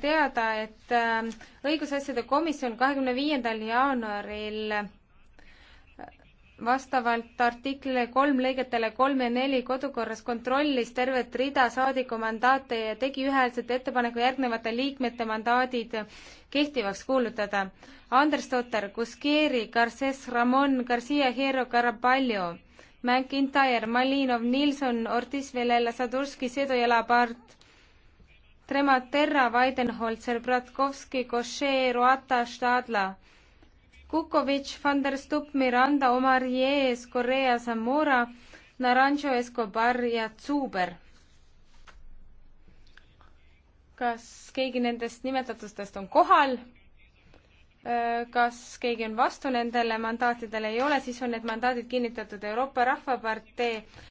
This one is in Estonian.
teada, et äh, õigusasjade komisjon kahekümne viiendal jaanuaril äh, vastavalt artiklile kolm lõigetele kolm ja neli kodukorras kontrollis tervet rida saadiku mandaate ja tegi ühehäälselt ettepaneku järgnevate liikmete mandaadid kehtivaks kuulutada. Andres Totter, Guskieri, Garces, Ramon, Garcia, Hero, Caraballo, McIntyre, Malinov, Nilsson, Ortiz, Velela, Sadurski, Sedo ja Labart Trematerra, Weidenholzer, Bratkovski, Košee, Roata, Stadla. Kukovic, Van der Stupp, Miranda, Omar Jees, Correa, Zamora, Naranjo, Escobar ja Zuber. kas keegi nendest nimetatustest on kohal? Äh, kas keegi on vastu nendele mandaatidele, ei ole, siis on need mandaadid kinnitatud Euroopa Rahvapartei